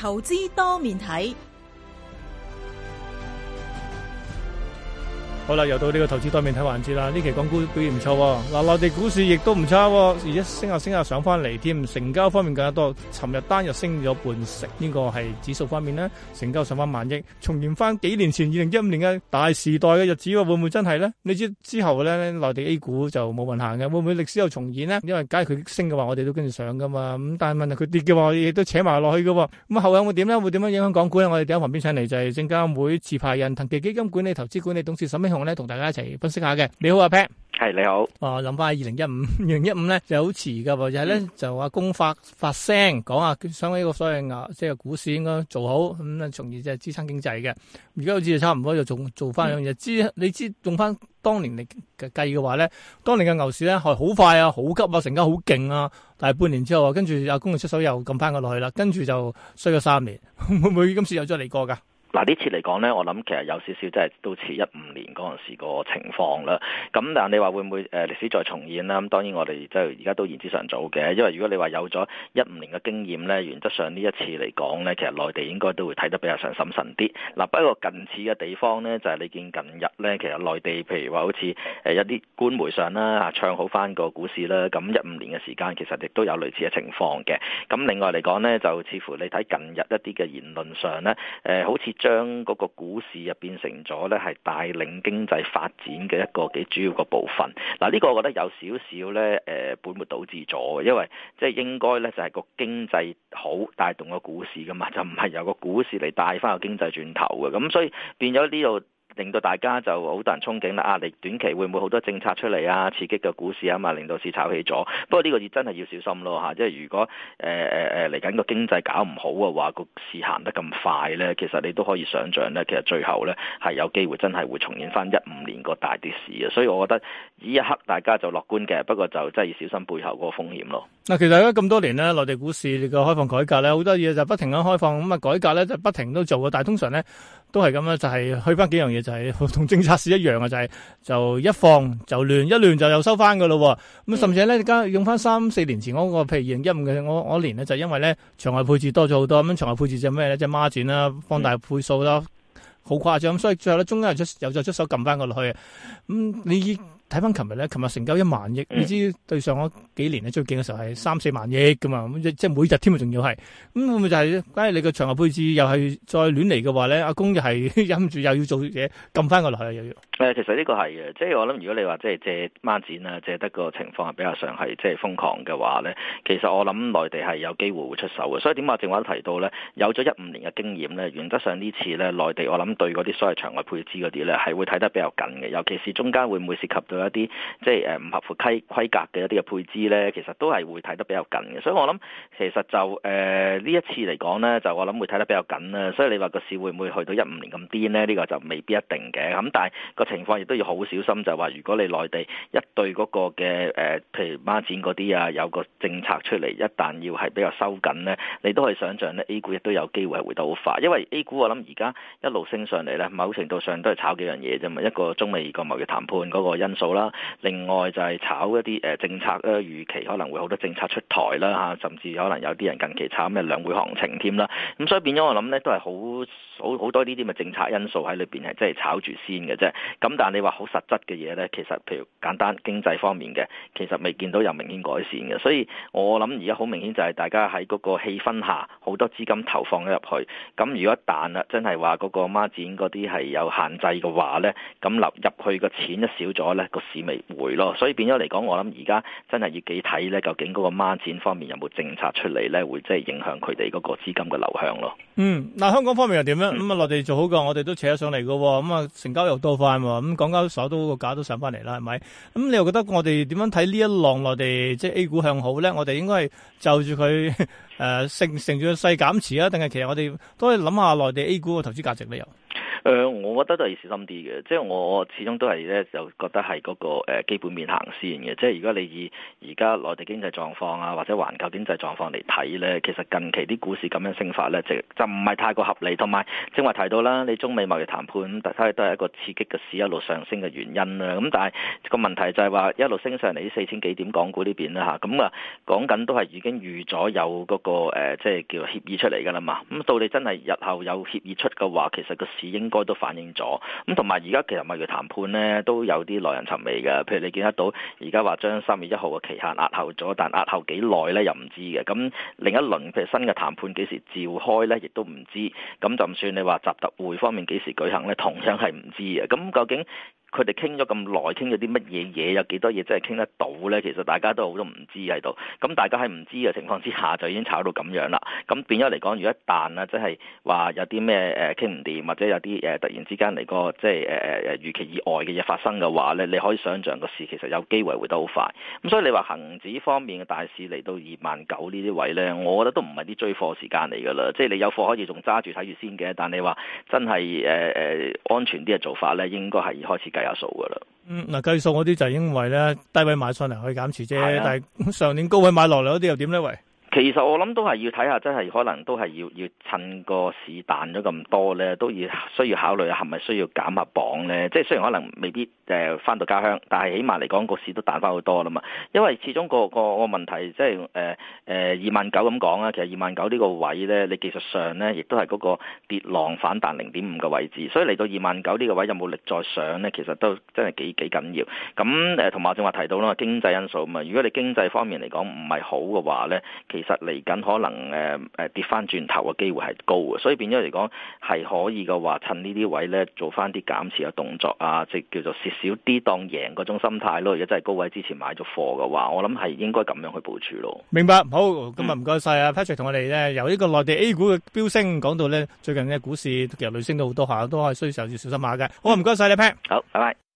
投資多面睇。好啦，又到呢個投資多面睇環節啦。呢期港股表現唔錯喎，嗱，內地股市亦都唔差喎，而且升下升下上翻嚟添。成交方面更加多，尋日單日升咗半成，呢個係指數方面咧，成交上翻萬億，重現翻幾年前二零一五年嘅大時代嘅日子喎，會唔會真係咧？你知之後咧內地 A 股就冇運行嘅，會唔會歷史又重演咧？因為假如佢升嘅話，我哋都跟住上噶嘛。咁但係問題佢跌嘅話，亦都扯埋落去嘅喎。咁後響會點咧？會點樣影響港股咧？我哋喺旁邊請嚟就係證監會持牌人騰祺基金管理投資管理董事沈慶洪。我同大家一齊分析下嘅。你好啊 Pat，係你好。啊，諗翻二零一五，二零一五咧就好遲噶，就係咧就話公發發聲講啊，想 2015, 2015呢，呢說說想個所謂牛、啊，即、就、係、是、股市應該做好咁咧，從、嗯、而即係支撐經濟嘅。而家好似差唔多就做做翻兩嘢知你知用翻當年嚟計嘅話咧，當年嘅牛市咧係好快啊，好急啊，成交好勁啊，但係半年之後啊，跟住阿公出手又撳翻個落去啦，跟住就衰咗三年，會唔會今次又再嚟過噶？嗱，呢次嚟講咧，我諗其實有少少即係都似一五年嗰陣時個情況啦。咁但係你話會唔會誒歷史再重演啦？咁當然我哋即係而家都言之尚早嘅，因為如果你話有咗一五年嘅經驗咧，原則上呢一次嚟講咧，其實內地應該都會睇得比較上審慎啲。嗱，不過近似嘅地方咧，就係你見近日咧，其實內地譬如話好似誒一啲官媒上啦，啊唱好翻個股市啦，咁一五年嘅時間其實亦都有類似嘅情況嘅。咁另外嚟講咧，就似乎你睇近日一啲嘅言論上咧，誒好似將嗰個股市又變成咗咧，係帶領經濟發展嘅一個幾主要嘅部分。嗱，呢個我覺得有少少呢，誒，本末倒置咗。因為即係應該呢就係個經濟好帶動個股市㗎嘛，就唔係由個股市嚟帶返個經濟轉頭㗎。咁所以變咗呢度。令到大家就好多人憧憬啦，壓、啊、力短期會唔會好多政策出嚟啊？刺激個股市啊嘛，令到市炒起咗。不過呢個嘢真係要小心咯嚇，即係如果誒誒嚟緊個經濟搞唔好嘅話，個市行得咁快呢，其實你都可以想像呢。其實最後呢，係有機會真係會重現翻一五年個大跌市啊。所以我覺得呢一刻大家就樂觀嘅，不過就真係要小心背後嗰個風險咯。嗱，其實而家咁多年呢，內地股市嘅開放改革呢，好多嘢就不停咁開放，咁啊改革呢，就不停都做嘅，但係通常呢。都係咁啦，就係、是、去翻幾樣嘢，就係、是、同政策市一樣嘅，就係、是、就一放就亂，一亂就又收翻噶咯。咁甚至呢，咧，而家用翻三四年前嗰、那個，譬如二零一五嘅我我年咧，就是、因為咧場外配置多咗好多，咁場外配置就咩咧？即係孖展啦，放大配數啦，好誇張。所以最後咧，中央又出又再出手撳翻佢落去。咁、嗯、你？睇翻琴日咧，琴日成交一萬億，你知、嗯、對上嗰幾年咧最勁嘅時候係三四萬億噶嘛，一即係每日添啊，仲要係，咁會唔會就係咧？假如你個場外配置又係再亂嚟嘅話咧，阿公又係忍唔住又要做嘢，撳翻個落去又要？誒，其實呢個係嘅，即係我諗，如果你話即係借孖展啊，借得個情況係比較上係即係瘋狂嘅話咧，其實我諗內地係有機會會出手嘅。所以點啊，正話都提到咧，有咗一五年嘅經驗咧，原則上這次呢次咧內地我諗對嗰啲所謂場外配置嗰啲咧係會睇得比較緊嘅，尤其是中間會唔會涉及到？一啲即係誒唔合乎規規格嘅一啲嘅配置咧，其實都係會睇得比較緊嘅，所以我諗其實就誒呢、呃、一次嚟講咧，就我諗會睇得比較緊啦。所以你話個市會唔會去到一五年咁癲咧？呢、這個就未必一定嘅。咁但係、這個情況亦都要好小心，就話、是、如果你內地一對嗰個嘅誒、呃，譬如孖展嗰啲啊，有個政策出嚟，一旦要係比較收緊咧，你都可以想象咧，A 股亦都有機會係回得好快，因為 A 股我諗而家一路升上嚟咧，某程度上都係炒幾樣嘢啫嘛，一個中美貿易談判嗰個因素。好啦，另外就係炒一啲誒政策咧，預期可能會好多政策出台啦嚇，甚至可能有啲人近期炒咩兩會行情添啦。咁所以變咗我諗咧，都係好好好多呢啲嘅政策因素喺裏邊係即係炒住先嘅啫。咁但係你話好實質嘅嘢咧，其實譬如簡單經濟方面嘅，其實未見到有明顯改善嘅。所以我諗而家好明顯就係大家喺嗰個氣氛下，好多資金投放咗入去。咁如果一旦啊真係話嗰個孖展嗰啲係有限制嘅話咧，咁流入去個錢一少咗咧。市未回咯，所以變咗嚟講，我諗而家真係要幾睇咧，究竟嗰個孖展方面有冇政策出嚟咧，會即係影響佢哋嗰個資金嘅流向咯。嗯，嗱，香港方面又點樣？咁啊，內地做好過，我哋都扯咗上嚟嘅，咁、嗯、啊，成交又多翻，咁、嗯、港交所都個價都上翻嚟啦，係咪？咁、嗯、你又覺得我哋點樣睇呢一浪內地即係 A 股向好咧？我哋應該係就住佢誒，乘乘住個勢減持啊，定係其實我哋都係諗下內地 A 股個投資價值都有。誒、呃，我覺得都係小心啲嘅，即係我始終都係咧，就覺得係嗰個基本面行先嘅。即係如果你以而家內地經濟狀況啊，或者環球經濟狀況嚟睇咧，其實近期啲股市咁樣升法咧，就就唔係太過合理。同埋正話提到啦，你中美貿易談判都係都係一個刺激嘅市一路上升嘅原因啦。咁但係個問題就係話一路升上嚟啲四千幾點港股呢邊啦嚇，咁啊講緊都係已經預咗有嗰、嗰個即係、呃、叫協議出嚟㗎啦嘛。咁到你真係日後有協議出嘅話，其實個市應應該都反映咗，咁同埋而家其實貿易嘅談判咧都有啲耐人尋味嘅，譬如你見得到而家話將三月一號嘅期限押後咗，但押後幾耐咧又唔知嘅，咁另一輪譬如新嘅談判幾時召開咧，亦都唔知，咁就算你話習特會方面幾時舉行咧，同樣係唔知嘅，咁究竟，佢哋傾咗咁耐，傾咗啲乜嘢嘢？有幾多嘢真係傾得到呢？其實大家都都唔知喺度。咁大家喺唔知嘅情況之下，就已經炒到咁樣啦。咁變咗嚟講，如果一旦啊，即係話有啲咩誒傾唔掂，或者有啲誒突然之間嚟個即係誒誒誒預期以外嘅嘢發生嘅話呢，你可以想像個市其實有機會回得好快。咁所以你話恆指方面嘅大市嚟到二萬九呢啲位呢，我覺得都唔係啲追貨時間嚟㗎啦。即係你有貨可以仲揸住睇住先嘅，但你話真係誒誒安全啲嘅做法呢，應該係開始。計數噶啦，嗯，嗱計數嗰啲就因為咧，低位買上嚟可以減持啫，對啊、但係上年高位買落嚟嗰啲又點咧？喂？其實我諗都係要睇下，真係可能都係要要趁個市彈咗咁多咧，都要需要考慮係咪需要減下磅咧？即係雖然可能未必誒翻、呃、到家鄉，但係起碼嚟講個市都彈翻好多啦嘛。因為始終個個個，個問題即係誒誒二萬九咁講啦，其實二萬九呢個位咧，你技術上咧亦都係嗰個跌浪反彈零點五嘅位置，所以嚟到二萬九呢個位有冇力再上咧？其實都真係幾幾緊要。咁誒同埋正話提到啦，經濟因素啊嘛，如果你經濟方面嚟講唔係好嘅話咧，其實嚟緊可能誒誒、呃呃、跌翻轉頭嘅機會係高嘅，所以變咗嚟講係可以嘅話，趁呢啲位咧做翻啲減持嘅動作啊，即係叫做蝕少啲當贏嗰種心態咯、啊。如果真係高位之前買咗貨嘅話，我諗係應該咁樣去部署咯。明白。好，咁啊唔該晒啊 Patrick 同我哋咧由呢個內地 A 股嘅飆升講到咧最近嘅股市其實累升到好多下，都係需要時候要小心下嘅。好，唔該晒你 Pat，好，拜拜。